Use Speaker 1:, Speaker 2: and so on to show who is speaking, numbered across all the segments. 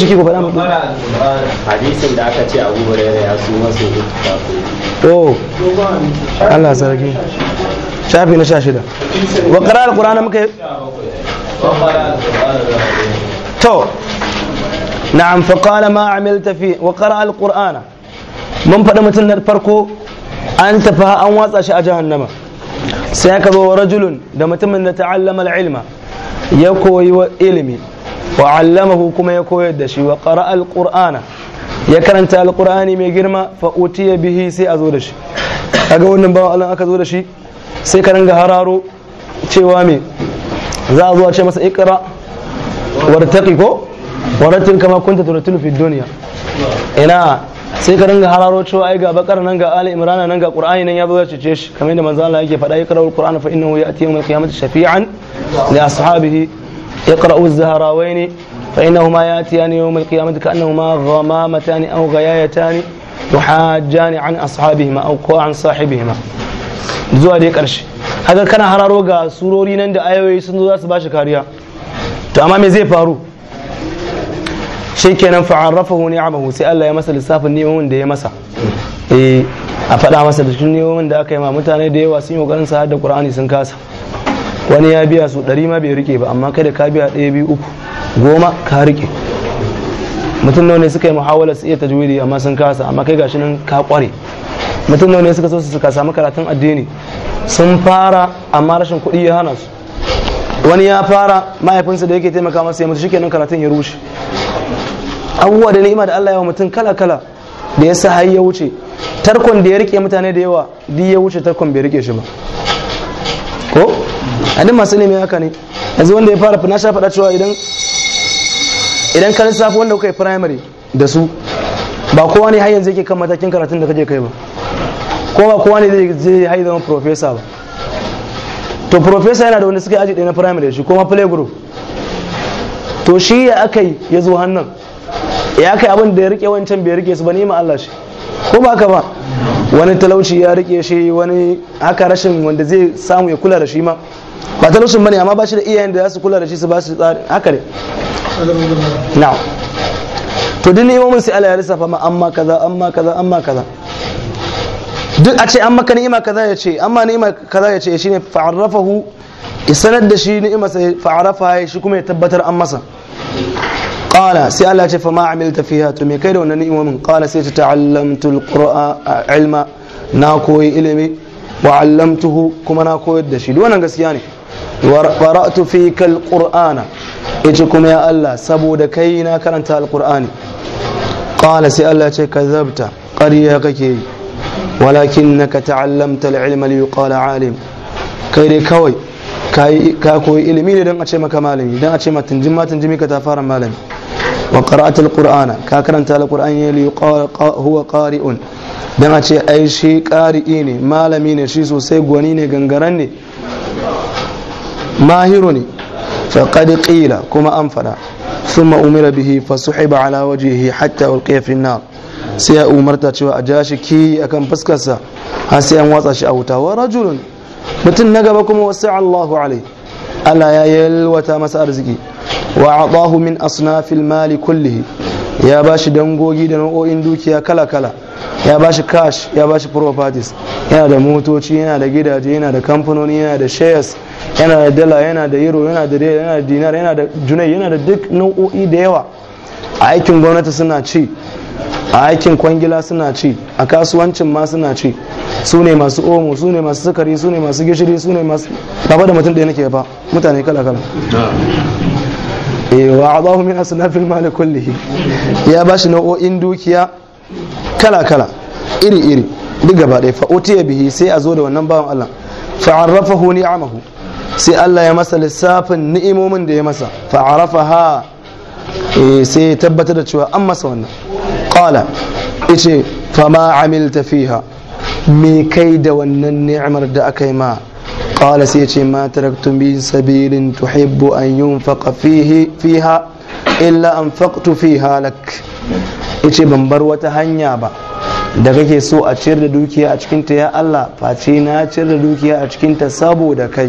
Speaker 1: ciki ku faɗa mu hadisin da aka ce Abu ya su masu oh, Allah sarki shafi na wa qara al muka to na'am fa qala ma amilta fi wa qara al mun faɗa mutum na farko an tafa an watsa shi a jahannama sai aka zo rajulun da mutumin da ta'allama al-ilma ya koyi ilimi wa allamahu kuma ya koyar da shi wa ƙara alqur'ana ya karanta alqur'ani mai girma fa ya bihi sai a zo da shi ga wannan bawa Allah aka zo da shi sai ka ringa hararo cewa me za a zuwa ce masa ikra wartaqi ko warattil kama kunta turattilu fi duniya ina sai ka ringa hararo cewa ai ga bakar nan ga ali imran nan ga qur'ani nan ya zo ya cece shi kamar yadda manzo Allah yake faɗa ikra'ul qur'ana fa innahu ya'ti yawm al-qiyamati shafi'an li ashabihi يقرأ الزهراوين فإنهما يأتيان يوم القيامة كأنهما غمامتان أو غيايتان يحاجان عن أصحابهما أو عن صاحبهما zuwa dai ƙarshe haka kana hararo ga surori nan da ayoyi sun zo za su bashi kariya to amma me zai faru shikenan fa'arrafahu ni'amahu sai Allah ya masa lissafin neman da ya masa eh a faɗa masa da cikin neman da aka yi ma mutane da yawa sun yi kokarin sa da Qur'ani sun kasa wani ya biya su ɗari ma bai rike ba amma kai ka biya ɗaya biyu uku goma ka rike mutum nawa ne suka yi muhawala su iya tajwidi amma sun kasa amma kai gashi nan ka kware mutum nawa ne suka so su suka samu karatun addini sun fara amma rashin kuɗi ya hana su wani ya fara mahaifinsa da yake taimaka masa ya mutu shikenan karatun ya rushe abubuwa da ni'ima da Allah ya wa mutum kala kala da ya sa hayi ya wuce tarkon da ya rike mutane da yawa duk ya wuce tarkon bai rike shi ba ko a duk masu neman haka ne yanzu wanda ya fara na sha faɗa cewa idan idan ka lissafi wanda kuka yi primary da su ba kowa ne har yanzu yake kan matakin karatun da kaje kai ba ko ba kowa ne zai haida har zama ba to profesa yana da wanda suka yi aji ɗaya na primary shi kuma play group to shi ya aka yi ya zo hannun ya kai abin da ya rike wancan bai rike su ba ni ma Allah shi ko ba haka ba wani talauci ya rike shi wani haka rashin wanda zai samu ya kula da shi ma ba nusun bane amma ba shi da iyayen da za su kula da shi su ba su tsari haka ne na'am to duk ni'imomin sai Allah ya lissafa ma amma kaza amma kaza amma kaza duk a ce an maka ni'ima kaza ya ce amma ni'ima kaza ya ce shine fa'arrafahu isanar da shi ni'ima sai fa'arrafa shi kuma ya tabbatar an masa qala sai Allah ya ce fa ma amilta fiha to me kai da wannan ni'imomin qala sai ta ta'allamtu a ilma na koyi ilimi wa allamtuhu kuma na koyar da shi duk wannan gaskiya ne wa qara'tu fika alqur'ana yace kuma ya Allah saboda ka yi na karanta alqur'ani qala sai Allah ce kazabta ƙarya kake yi walakinnaka ta'allamta alilma li yuqala alim kai dai kawai ka koyi ilimi ne don a ce maka malami don a ce matinjin matinjin ka ta fara malami wa qara'ta alqur'ana ka karanta alqur'ani li yuqala huwa qari'un don a ce ai shi ƙari'i ne malami ne shi sosai gwani ne gangaren ne mahiru ne faƙad ƙila kuma an faɗa sun ma'umira bihi فسحب على وجهه حتى hatta في finna. sai ya umarta cewa a ja shi ki a kan fuskarsa har sai an watsa shi a wuta wa rajulun mutum na gaba kuma wasu Allahu alai Allah ya yalwata masa arziki wa atahu min asnafil mali kullihi ya ba shi dangogi da nau'o'in dukiya kala kala ya ba shi cash ya ba shi properties yana da motoci yana da gidaje yana da kamfanoni yana da shares yana da dala yana da euro yana da riyal yana da dinar yana da junai yana da duk nau'o'i da yawa a aikin gwamnati suna ci a aikin kwangila suna ci a kasuwancin ma suna ci su ne masu omo su ne masu sukari su ne masu gishiri su ne masu ba da mutum ɗaya nake ba mutane kala kala eh, wa adahu min asnafil da kullihi ya bashi nau'o'in dukiya kala kala iri iri duk gaba ɗaya fa ya bihi sai a zo da wannan bawan Allah fa arrafahu ni'amahu sai Allah ya masa lissafin ni'imomin da ya masa fa ha eh, sai ya tabbatar da cewa an masa wannan qala yace fa ma amilta fiha me kai da wannan ni'imar da aka yi ma qala sai yace ma taraktum bi sabilin tuhibbu an yunfaqa fihi fiha illa anfaqtu fiha lak ce ban bar wata hanya ba da kake so a ciyar da dukiya a cikinta ya Allah face na ciyar da dukiya a cikinta saboda kai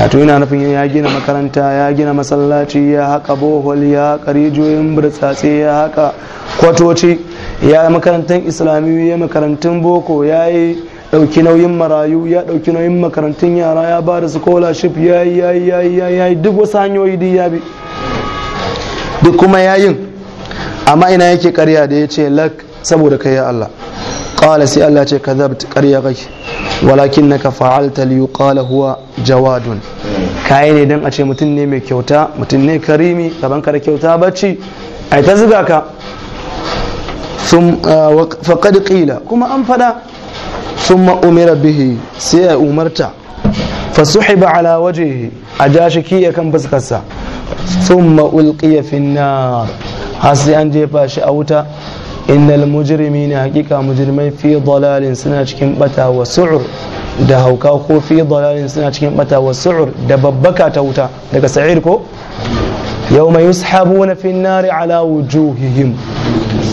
Speaker 1: wato yana nufin ya gina makaranta ya gina masallaci ya haka bohol ya haka rijiyoyin burtsatse ya haka kwatoci ya makarantar islamiyu ya makarantun boko ya yi ɗauki nauyin marayu ya ɗauki nauyin makarantun yara ya ba da scholarship ya yi ya yi ya yi duk wasu hanyoyi duk ya bi duk kuma yayin amma ina yake karya da ya ce lak saboda kai ya Allah qala sai Allah ce kadhabt karya kake walakinnaka fa'alta li yuqala huwa jawadun kai ne dan a ce mutum ne mai kyauta mutum ne karimi gaban ka da kyauta bacci ai ta zuga ka ah, faƙad ƙila kuma an faɗa sun ma'umira bihi sai ya umarta fasuhi ba ala waje a ja shi kan fuskarsa sun ma'ulƙiya finnar har sai an jefa shi a wuta innal ne hakika mujrimai fi dalalin suna cikin bata wa su'ur da hauka ko fi dalalin suna cikin bata wa su'ur da babbaka ta wuta daga sa'ir ko Yau mai yushabuna na finnari ala wujuhihim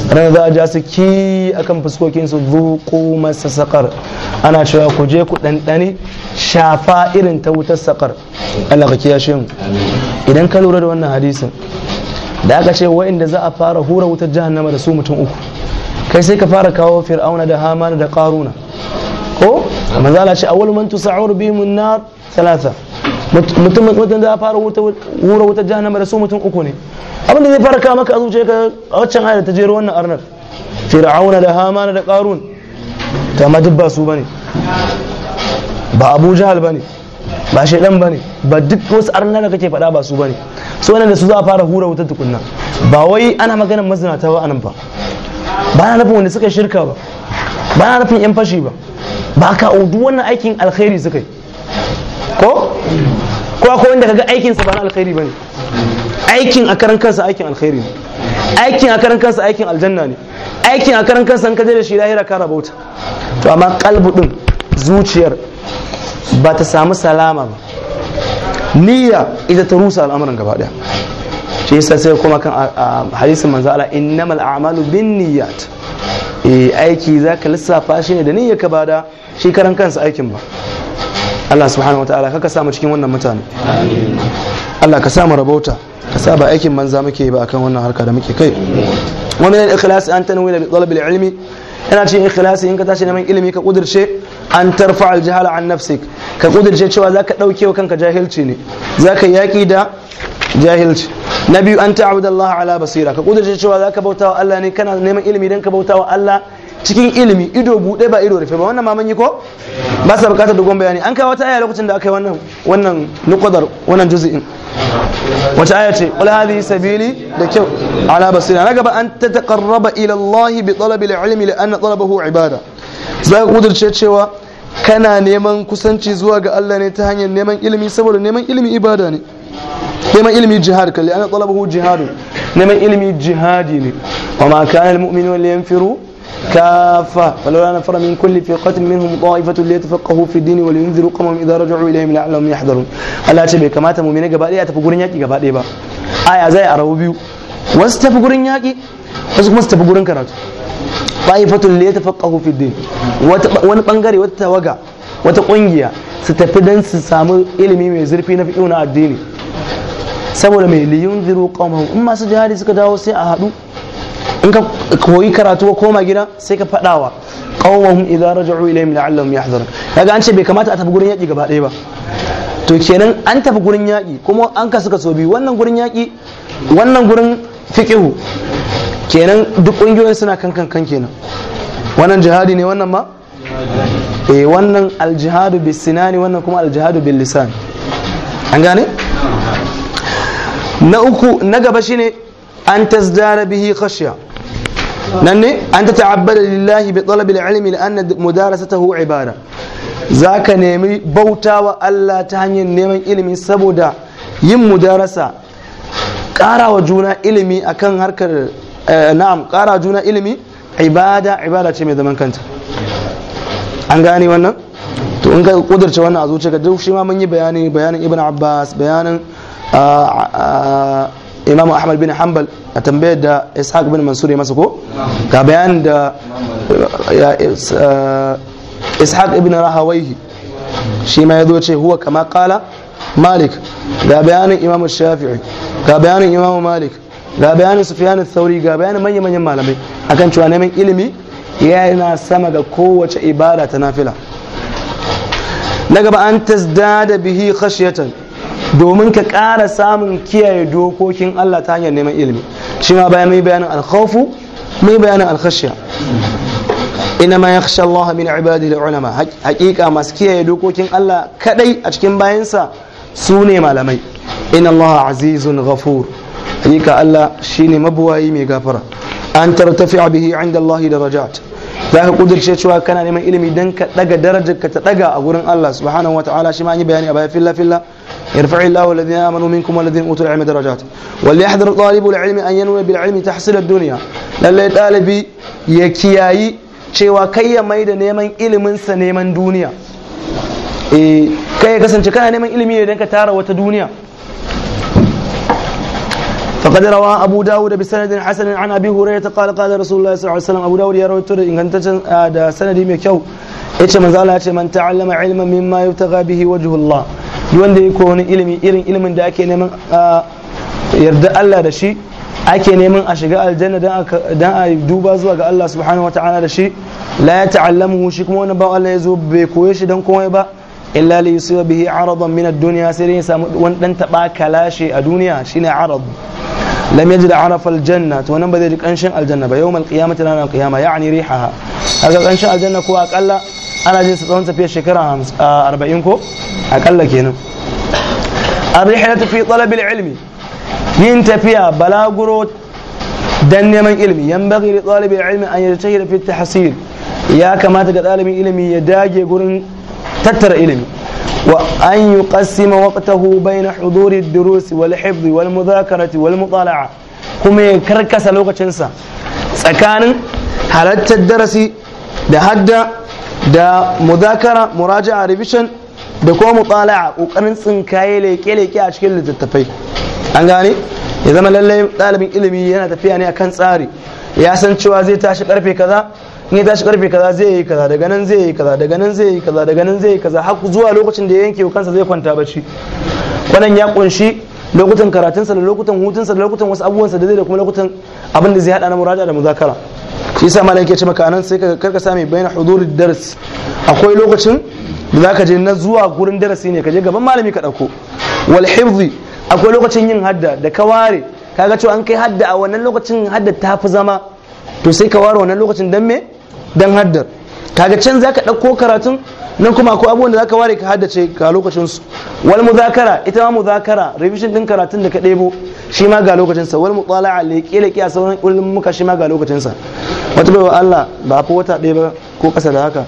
Speaker 1: ranar za a ja su ki akan fuskokin su zuku masa saƙar ana cewa ku je ku ɗanɗani shafa irin ta wutar saƙar Allah ka kiyashe mu idan ka lura da wannan hadisin da aka ce wa'inda za a fara hura wutar jahannama da su mutum uku kai sai ka fara kawo fir'auna da hamana da karuna ko manzo Allah ce awwalu man tus'ur bihim an-nar thalatha mutum mutum da fara hura wutar jahannama da su mutum uku ne abin da zai fara kawo maka a ka a waccan ayar ta jero wannan arnar fir'auna da hamana da karun ta ma duk ba su bane ba abu jahal bane ba shi dan bane ba duk wasu arna da kake faɗa ba su bane su wannan da su za a fara hura wutar tukunna ba wai ana maganar mazinata ba anan ba ba na nufin wanda suka shirka ba ba na nufin yan fashi ba ba ka oh, duk wannan aikin alkhairi suka yi ko ko akwai wanda kaga aikin sa ba na alkhairi bane aikin a karan kansa aikin alkhairi ne aikin a karan kansa aikin aljanna ne aikin a karan kansa in ka je da shi lahira ka rabauta to amma kalbu din zuciyar ba ta samu salama ba niyya ita ta rusa al'amuran gaba daya shi yasa sai kuma kan hadisin manzo Allah innamal a'malu niyyat eh aiki zaka lissafa shi ne da niyyar ka bada shi karan kansa aikin ba Allah subhanahu wataala kaka samu cikin wannan mutane Allah ka samu rabauta ka sa ba aikin manza muke ba akan wannan harka da muke kai wa min al-ikhlas an tanwila bi talab al-ilmi yana cikin ikhlasi in ka tashi neman ilimi ka kudirce an tarfa aljihala an nafsik ka kudirce cewa zaka dauke wa kanka jahilci ne zaka yaki da jahilci na biyu an ta'budu Allah ala basira ka kudirce cewa zaka bauta wa Allah ne kana neman ilimi dan ka bauta wa Allah cikin ilimi ido bude ba ido rufe ba wannan ma ko ba sa bukatar dogon bayani an kawo ta aya lokacin da aka yi wannan wannan wannan juzi'in wata aya ce wal sabili da kyau ala basira na gaba an tataqarraba ila Allah bi talabil ilmi li anna talabahu ibada zaka kudirce cewa kana neman kusanci zuwa ga Allah ne ta hanyar neman ilimi saboda neman ilimi ibada ne neman ilimi jihad kalli ana talabahu jihadu neman ilimi jihadi ne wa ma kana al mu'minu liyanfiru كافة ولولا نفر من كل فرقة منهم طائفة ليتفقهوا في الدين ولينذروا قومهم إذا رجعوا إليهم لعلهم يحذرون الله تبي كما تمؤمنين gaba ɗaya tafi gurin yaƙi gaba ba aya zai a rabu biyu wasu tafi gurin yaƙi wasu kuma su gurin karatu fa'ifatul li yatafaqahu fi din wani bangare wata tawaga wata kungiya samu ilimi mai zurfi na fiqh na addini saboda mai liyun ziru qaumahum in masu jihadi suka dawo sai a haɗu in ka koyi karatu ko koma gida sai ka faɗawa qaumahum idza raja'u ilayhim la'allahum yahdharun kaga an ce bai kamata a tafi gurin yaƙi gaba ɗaya ba to kenan an tafi gurin yaƙi kuma an kasu so bi wannan gurin yaƙi wannan gurin fiqihu kenan duk ƙungiyoyin suna kan kan kenan wannan jihadi ne wannan ma eh wannan aljihadu bisinani wannan kuma aljihadu bil lisan an gane na uku na gaba shine an tazdara bihi khashya nan ne an ta ta'abbada lillahi bi talab al-ilmi li anna mudarasatahu ibada zaka nemi bautawa Allah ta hanyar neman ilimi saboda yin mudarasa karawa juna ilimi akan harkar na'am karawa juna ilimi ibada ibada ce mai zaman kanta an gane wannan to in ka kudurce wannan a zuciya duk shi ma mun yi bayani bayanin ibn abbas bayanin imam ahmad bin hanbal a tambayar da ishaq bin mansur ya masa ko ga bayan da eh, ishaq ibn rahawaihi shi ma ya zo ce huwa kama kala malik ga bayanin imam shafi'i ga bayanin imam malik ga bayanin sufyan sauri ga bayanin manya manyan malamai akan cewa neman ilimi yana sama ga kowace ibada ta nafila na gaba an tasdada bihi khashiyatan domin ka ƙara samun kiyaye dokokin Allah ta hanyar neman ilimi shi ma bayan mai bayanin alkhawfu mai bayanin alkhashiya ina ma yakhsha Allah min ibadi da ulama hakika masu kiyaye dokokin Allah kadai a cikin bayansa su ne malamai ina Allah azizun ghafur hakika Allah shine mabuwayi mai gafara an tartafi bihi inda Allah darajat za ka kudirce cewa kana neman ilimi don ka daga darajar ka ta daga a gurin Allah subhanahu wa ta'ala shi ma yi bayani a baya filla filla يرفع الله الذين آمنوا منكم والذين أوتوا العلم درجات وليحذر طالب العلم أن ينوي بالعلم تحصيل الدنيا lallai ɗalibi ya kiyayi cewa kai ya mai da neman iliminsa neman duniya e kai ya kasance kana neman ilimi ne don ka tara wata duniya فقد روى ابو داود بسند حسن عن ابي هريره قال قال رسول الله صلى الله عليه وسلم ابو داود يروي تر ingantaccen da sanadi mai kyau yace manzo Allah yace man ta'allama ilman mimma yubtagha bihi wajhu Allah duk wanda ya koyi ilimi irin ilimin da ake neman yarda Allah da shi ake neman a shiga aljanna dan a duba zuwa ga Allah subhanahu wata'ala da shi la ya ta'allamu shi kuma wani ba Allah ya zo bai koye shi dan komai ba illa li yusiba bihi aradan min ad-dunya sai ya samu wani dan taba kalashi a duniya shine arad lam yajid arafa aljanna to nan ba zai ji kanshin aljanna ba yawmal qiyamati ranar qiyama ya'ni rihaha kaga kanshin aljanna ko akalla ana jin su tsawon tafiya shekara arba'in ko akalla kenan arihi na tafi talabil ilmi yin tafiya balaguro dan neman ilimi yan bagi li talibi ilmi an yajtahid fi tahsil ya kamata ga ɗalibin ilimi ya dage gurin tattara ilimi wa an yuqassima waqtahu na huduri ad-durus wal hifdh wal muzakarati wal mutala'a kuma ya karkasa lokacinsa tsakanin halartar darasi da hadda da mudakara muraja'a revision da kuma mutala'a kokarin tsinkaye leke-leke a cikin littattafai an gane ya zama lallai ɗalibin ilimi yana tafiya ne akan tsari ya san cewa zai tashi karfe kaza in ya tashi karfe kaza zai yi kaza daga nan zai yi kaza daga nan zai yi kaza daga nan zai yi kaza har zuwa lokacin da ya yanke kansa zai kwanta bacci wannan ya kunshi lokutan karatunsa da lokutan hutunsa da lokutan wasu abubuwansa da zai da kuma lokutan abin da zai hada na muraja da muzakara shi yasa malam yake ce maka nan sai ka karka sami bayan hudurin darasi akwai lokacin da zaka je na zuwa gurin darasi ne ka je gaban malami ka ɗauko wal akwai lokacin yin hadda da ka ware kaga cewa an kai hadda a wannan lokacin hadda ta fi zama to sai ka ware wannan lokacin dan me dan haddar kaga can zaka ɗauko karatun nan kuma akwai abubuwan da zaka ware ka haddace ga lokacin su wal zakara, ita ma zakara, revision din karatun da ka ɗebo shi ma ga lokacin sa wal mutala'a leke leke a sauran ulum muka shi ma ga lokacin sa wata wa Allah ba fa wata ɗaya ba ko ƙasa da haka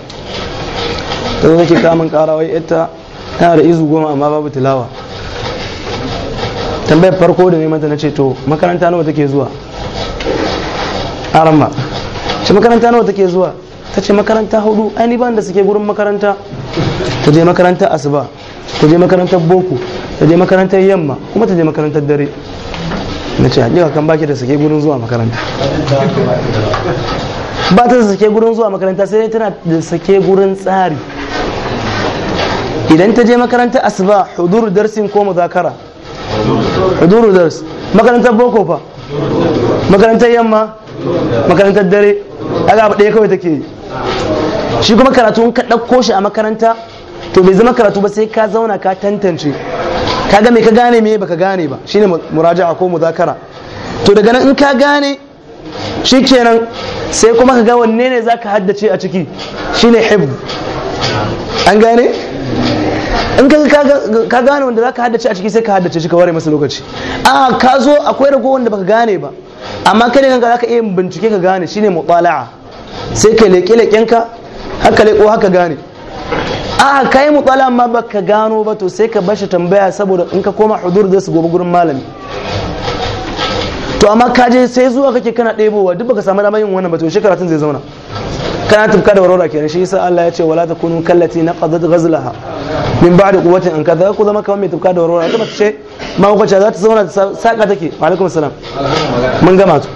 Speaker 1: ta zo take kamun wai ita tana da izu goma amma babu tilawa tambayar farko da neman ta nace to makaranta nawa take zuwa arama shi makaranta nawa take zuwa ta ce makaranta hudu ai ban da suke gurin makaranta ta je makaranta asuba ta je makarantar boko ta je makarantar yamma kuma ta je makarantar dare na ce haƙiƙa kan baki da suke gurin zuwa makaranta ba ta da suke gurin zuwa makaranta sai dai tana da suke gurin tsari idan ta je makaranta asuba huduru darsin ko muzakara huduru dars makarantar boko fa makarantar yamma makarantar dare aga abu ɗaya kawai take yi shi kuma karatu in ka ɗauko shi a makaranta to bai zama karatu ba sai ka zauna ka tantance ka ga me ka gane me baka gane ba shine muraja'a ko muzakara to daga nan in ka gane shikenan sai kuma ka ga wanne ne zaka haddace a ciki shine hifz an gane in ka gane wanda za ka haddace a ciki sai ka haddace shi ka ware masa lokaci a ka zo akwai rago wanda baka gane ba amma kai ne kanka za ka iya bincike ka gane shine mutala'a sai ka leƙe ka. haka leko haka gane a kai mutala ma ka gano ba to sai ka bashi tambaya saboda in ka koma hudur zai su gobe gurin malami to amma ka je sai zuwa kake kana ɗebowa duk baka samu damar yin wannan ba to shekara karatun zai zauna kana tufka da warwara kenan shi yasa Allah ya ce wala takunu kallati naqadat ghazlaha min ba'di quwwatin an kadha ku zama kamar mai tufka da warwara Kuma mace ma kuka ce za ta zauna saka take wa alaikum salam mun gama to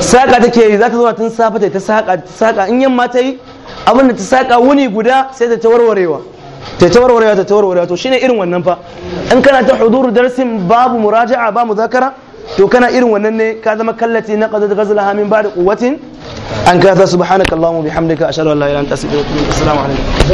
Speaker 1: saka take za ta zauna tun safa ta saka saka in yamma ta yi abin ta saka wuni guda sai ta warwarewa ta ta warwarewa ta ta warwarewa to shine irin wannan fa in kana ta huduru darsin babu muraja'a ba muzakara to kana irin wannan ne ka zama kallati na qadad ghazlaha min ba'da quwwatin an kaza subhanakallahumma bihamdika ashhadu an la ilaha illa anta astaghfiruka wa atubu ilaik assalamu alaikum